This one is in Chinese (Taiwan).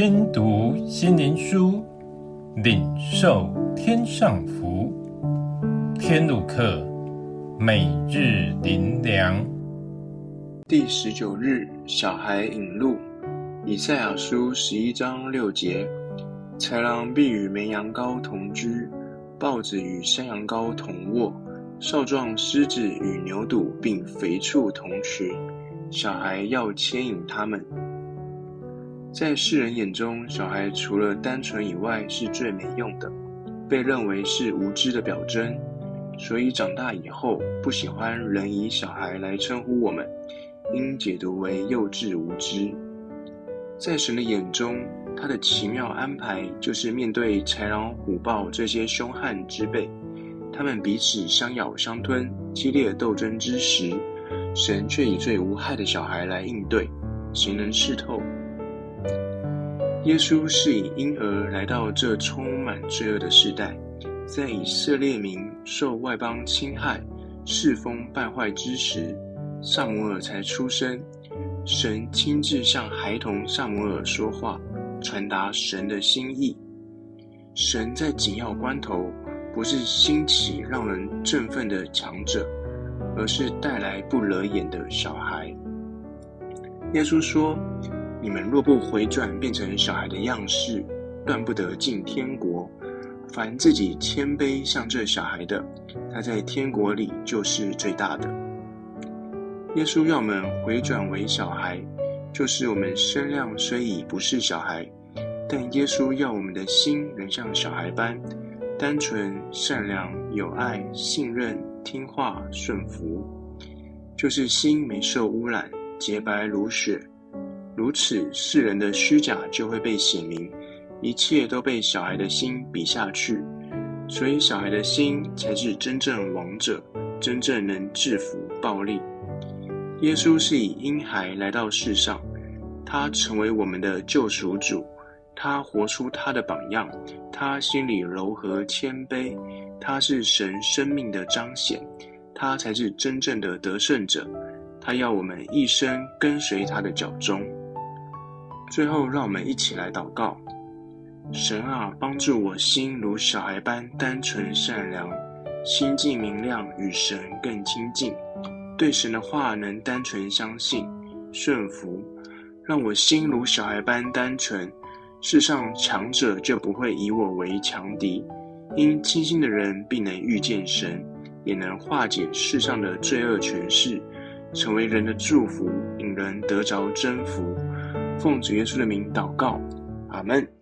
聽讀心靈書，領受天上福。天路客，每日靈糧，第十九日，小孩引路。以賽亞書十一章六節：豺狼必與綿羊羔同居，豹子與山羊羔同臥，少壯獅子與牛犢並肥畜同群，小孩要牽引他們。在世人眼中，小孩除了單純以外是最沒用的，被認為是無知的表徵，所以長大以後不喜歡人以小孩來稱呼我們，因解讀為幼稚無知。在神的眼中，他的奇妙安排就是面對豺狼虎豹這些兇悍之輩，他們彼此相咬相吞，激烈的鬥爭之時，神卻以最無害的小孩來應對，誰能識透？耶穌是以嬰兒來到這充滿罪惡的世代，在以色列民受外邦侵害，世風敗壞之時，撒母耳才出生。神親自向孩童撒母耳說話，傳達神的心意。神在緊要關頭，不是興起讓人振奮的強者，而是帶來不惹眼的小孩。耶穌說：你們若不回轉變成小孩的樣式，斷不得進天國。凡自己謙卑像這小孩的，他在天國裡就是最大的。耶穌要我們回轉為小孩，就是我們身量雖已不是小孩，但耶穌要我們的心仍像小孩般單純、善良、有愛、信任、聽話、順服，就是心沒受污染，潔白如雪。如此，世人的虛假就會被顯明，一切都被小孩的心比下去。所以，小孩的心才是真正王者，真正能制服暴力。耶穌是以嬰孩來到世上，他成為我們的救贖主，他活出他的榜樣，他心裡柔和謙卑，他是神生命的彰顯，他才是真正的得勝者。他要我們一生跟隨他的腳蹤。最後，讓我們一起來禱告：神啊，幫助我心如小孩般單純善良，心境明亮，與神更親近；對神的話能單純相信、順服，讓我心如小孩般單純。世上強者就不會以我為強敵，因清心的人必能遇見神，也能化解世上的罪惡權勢，成為人的祝福，引人得着真福。奉主耶穌的名禱告，阿門。